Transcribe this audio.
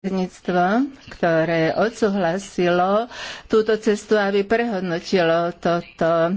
predsedníctvo, ktoré odsúhlasilo túto cestu, aby prehodnotilo toto